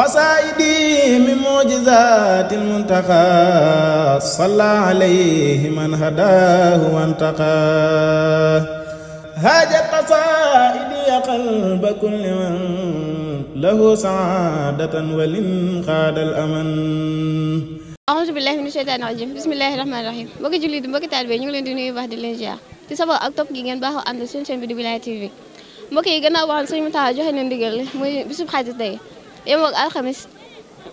فسائدي من معجزات المنتقى صلى عليه من هداه وانتقى هاجت قصائدي قلب كل من له سعادة ولنقاد الأمن أعوذ بالله من الشيطان الرجيم بسم الله الرحمن الرحيم بك جليد بك تعالبي نيو لين دي واحد لين جيا تي سابا اك توب كي باهو دي بلاي تي في مبوكي غناو وان سوني متا جوخ نين yemoog alxamis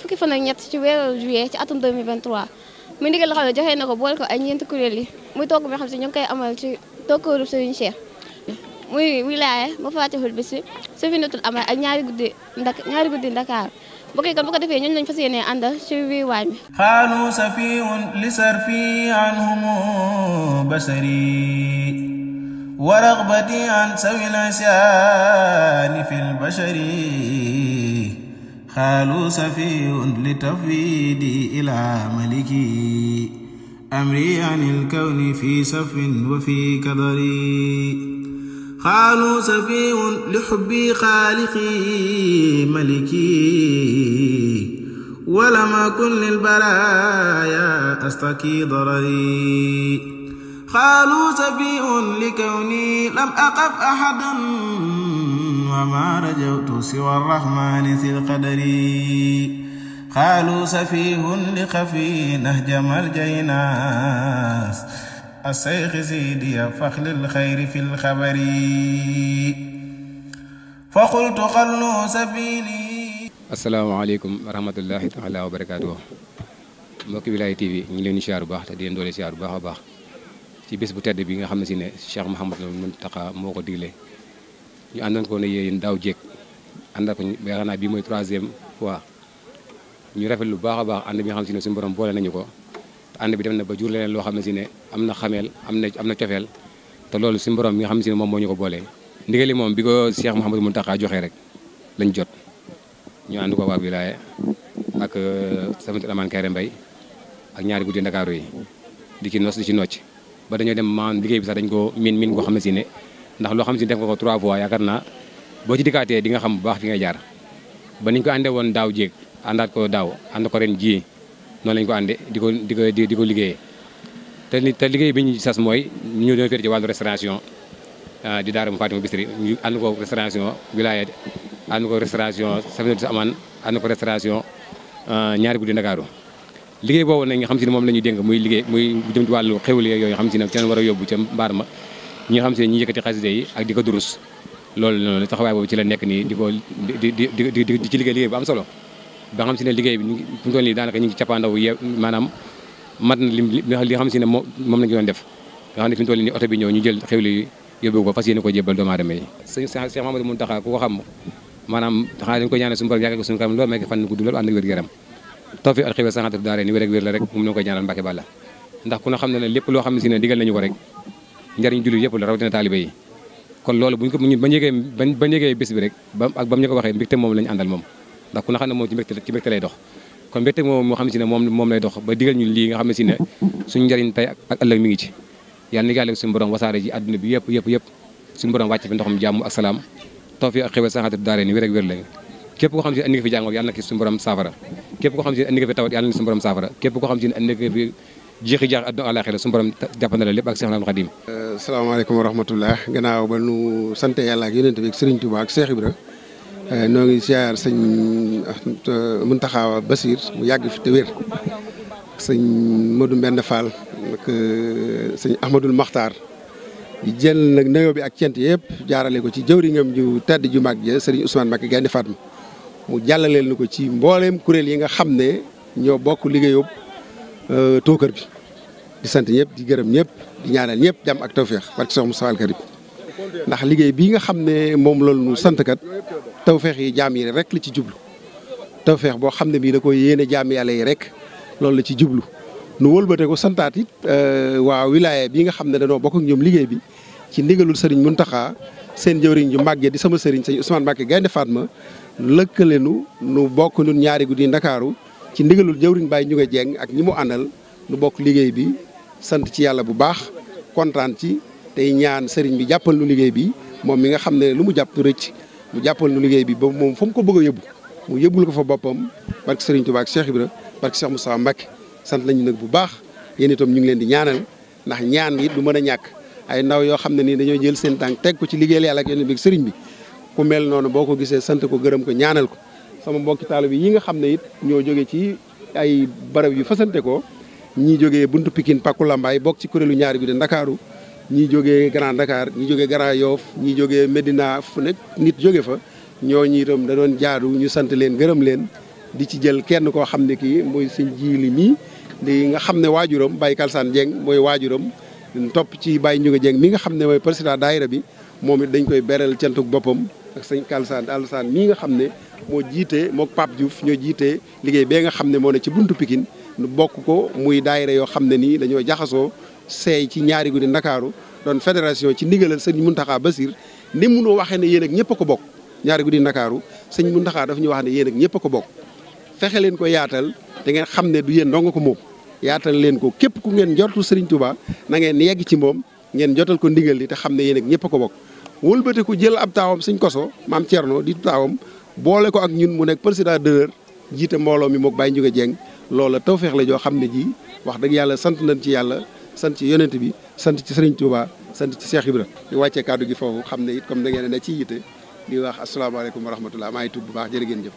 fukki fan ak ñett ci weeru juillet ci atum 2023 mu ndigal la ne joxe na ko boole ko ay ñeenti kuréel yi muy togg bi xam si ñu ngi koy amal ci tokkooru Serigne Cheikh muy wilaya ba fatihul bis bi safinatul amal ak ñaari guddi ndak ñaari guddi Dakar mbokk yi kon bu ko defee ñun lañ fas yéene àndal ci biir waañ bi xaalu safiun li sarfi anhum basari ورغبتي عن سوي العصيان في البشر خالو سفي لتفيد إلى ملكي أمري عن الكون في سف وفي كدري خالو سفي لحبي خالقي ملكي ولم أكن للبلايا أستكي ضرري قالوا سفيه لكوني لم أقف أحدا وما رجوت سوى الرحمن في القدر قالوا سفيه لخفي نهج مرجيناس الشيخ سيدي فخل الخير في الخبر فقلت خلوا سبيلي السلام عليكم ورحمة الله تعالى وبركاته mbokki Wilaya TV ñu ngi leen di دولي bu baax te ci bés bu tedd bi nga xam ne si ne Cheikh Mouhamadul Mountakha moo ko digle ñu àndoon koo ne yéen ndaw jéeg àndal ko yaakaar naa bii mooy troisième fois ñu rafet lu baax a baax ànd bi nga xam si ne suñu borom boole nañu ko te ànd bi dem na ba jur leneen loo xam ne si ne am na xameel am na am na cofeel te loolu suñu borom bi nga xam ne si ne moom moo ñu ko boolee ndigali moom bi ko Cheikh Mouhamadul Mountakha joxee rek lañ jot ñu ànd ko waa wilaaye ak euh, samit amaan Kéré Mbay ak ñaari guddi Ndakaaru yi di ci nos di ci ba dañu dem man liggéey bi sax dañ ko min min ko xamé ci né ndax lo xam ci def ko trois fois yaakaar naa boo ci dikaté di nga xam bu baax fi nga jaar ba niñ ko andé won daw jéek andat ko daw and ko ren ji non lañ ko andé diko diko diko ko té ni té te te liggéey bi sas moy ñu doon féete ci walu restauration ah, di daara mu Fatima Bisri ñu and ko restauration wilaya and ko restauration Safinatoul Aman and ko restauration ah, ñaari gudi Ndakaaru liggéey boobu nag nga xam si ne moom la ñuy dénk muy liggéey muy jëm ci wàllu xewle yooyu xam si ne seen war a yóbbu ci la nekk nii di ko di ci liggéey liggéey bu am solo ba xam si ne liggéey bi mu toll nii daanaka ñu ngi cappaandaw ye maanaam mat na li li xam si ne moom moom la def nga xam ne fi mu toll nii oto bi ñëw ñu jël xewle yi ko fas yéene ko jébbal doomu aadama yi sëñ Cheikh Mamadou Mountakha ku ko xam maanaam xanaa dañ ko ñaanal suñu borom yàggal ko suñu kanam loolu may ko fan gudd loolu ànd ak wér-gu-yaram tawfiq ak xibaar sanatul daare ni wér ak wér la rek koy ñaanal Mbàkke Bàlla ndax ku na xam ne lépp loo xam ne si ne digal nañu ko rek njariñ jullit yëpp la rawatina taalibe yi kon loolu buñ ba njëgee ba bi rek ba ak ba mu ñu ko waxee mbégte moom lañu àndal moom ndax ku na xam ne moom ci mbégte ci lay dox kon mbégte moom ne si moom moom lay dox ba digal ñun lii nga xam ne si ne suñu njariñ tey ak ëllëg mi ngi ci yàlla ni yàlla suñu borom wasaare ji bi yëpp yëpp yëpp jàmm ak salaam tawfiq ak xibaar sanatul képp ko xam si ne indi nga fi jàngoor yàlla na ko suñu borom saafara képp koo xam si ne indi nga fi tawat yàlla na suñu borom saafara képp koo xam si ne indi nga fi jeexi jaax àdduna àllaaxira suñu borom jàppandal lépp ak Seexul Xadiim euh, salaamaaleykum wa rahmatullah sant yàlla ak yonent bi ak Serigne Touba ak Cheikh Ibra euh, noo ngi ziar sëñ euh, Basir mu yàgg fi te wér sëñ Modou sëñ Ahmadul Maxtaar jël nag nayoo bi ak cent yëpp jaarale ko ci jëwriñam ju tedd ju mag ju sëriñ Ousmane Mbacké Gaynde Fatma mu jàllaleel ni ko ci mbooleem kuréel yi nga xam ne ñoo bokk liggéeyub euh, Tóokër bi di sant ñëpp di gërëm ñëpp di ñaanal ñëpp jàmm ak tawféex barke sox mu al Karim ndax liggéey bi nga xam ne moom loolu nu sant kat tawféex yi jaam yi rek la ci jublu tawféex boo xam ne bii da ko yéene jaam yàlla yi rek loolu la ci jublu nu wëlbate ko santaat it euh, waa wilaya bi nga xam ne danoo bokk ñoom liggéey bi ci ndigalul Sëriñ taxa seen jëwriñ ju màggee di sama sëriñ sëñ Ousmane Mbacke Gaynde Fatma lëkkalenu nu bokk nun ñaari guddi Ndakaaru ci ndigalul jëwriñ Baye ñu nga jeng ak ñi mu àndal nu bokk liggéey bi sant ci yàlla bu baax kontaan ci tey ñaan sëriñ bi jàppal nu liggéey bi moom mi nga xam ne lu mu jàpp rëcc mu jàppal nu liggéey bi ba moom fa mu ko bëgg a yóbbu mu yóbbul ko fa boppam barke sëriñ Touba ak Cheikh Ibra barke mu Moussa Mbacke sant nañu nag bu baax yéen ñu ngi leen di ñaanal ndax ñaan yi du mën a ñàkk ay ndaw yoo xam ne nii dañoo jël seen tànk teg ko ci liggéeyal yàlla ak yonent bi sëriñ bi ku mel noonu boo ko gisee sant ko gërëm ko ñaanal ko sama mbokki bi yi nga xam ne it ñoo jóge ci ay barab yu fasante ko ñii jógee buntu Pikine Pakku Lambaay bokk ci kuréelu ñaar bi de Ndakaaru ñii jógee Grand Dakar ñii jógee Grand Yoff ñii jógee Medina fu nekk nit jóge fa ñooñu itam da doon jaadu ñu sant leen gërëm leen di ci jël kenn koo xam ne kii mooy sëñ jiili mii di nga xam ne waajuram Baye Kalsaan Dieng mooy waajuram topp ci Baye Ndiouga Dieng mi nga xam ne mooy président daayira bi moom it dañ koy beral cantuk boppam ak sëñ Kalsaan Alsaan mii nga xam ne moo jiite mook Pape Diouf ñoo jiitee liggéey bee nga xam ne moo ne ci buntu Pikine nu bokk ko muy daayira yoo xam ne nii dañoo jaxasoo seey ci ñaari guddi Ndakaaru doon fédération ci ndigalal sëñ Muntaxa Basir ni munoo waxee ne yéen ak ñëpp ko bokk ñaari guddi Ndakaaru sëñ Muntaxa daf ñu wax ne yéen ak ñëpp ko bokk fexe leen ko yaatal da ngeen xam ne du yéen dong ko moom yaatal leen ko képp ku ngeen njortu Serigne Touba na ngeen yegg ci moom ngeen jotal ko ndigal li te xam ne yéen ak ñëpp a ko bokk. wëlbate ku jël ab taawam Serigne Kosso maam Thierno di taawam boole ko ak ñun mu nekk président d'honneur jiite mbooloo mi moog Baye Ndiouga Dieng loola tawféex la joo xam ne ji wax dëgg yàlla sant nañ ci yàlla sant ci yonent bi sant ci Serigne Touba sant ci Cheikh Ibra di wàccee kàddu gi foofu xam ne it comme da ngeen ne ci yitte di wax wa rahmatulah maa ngi bu baax jërë ngeen jëf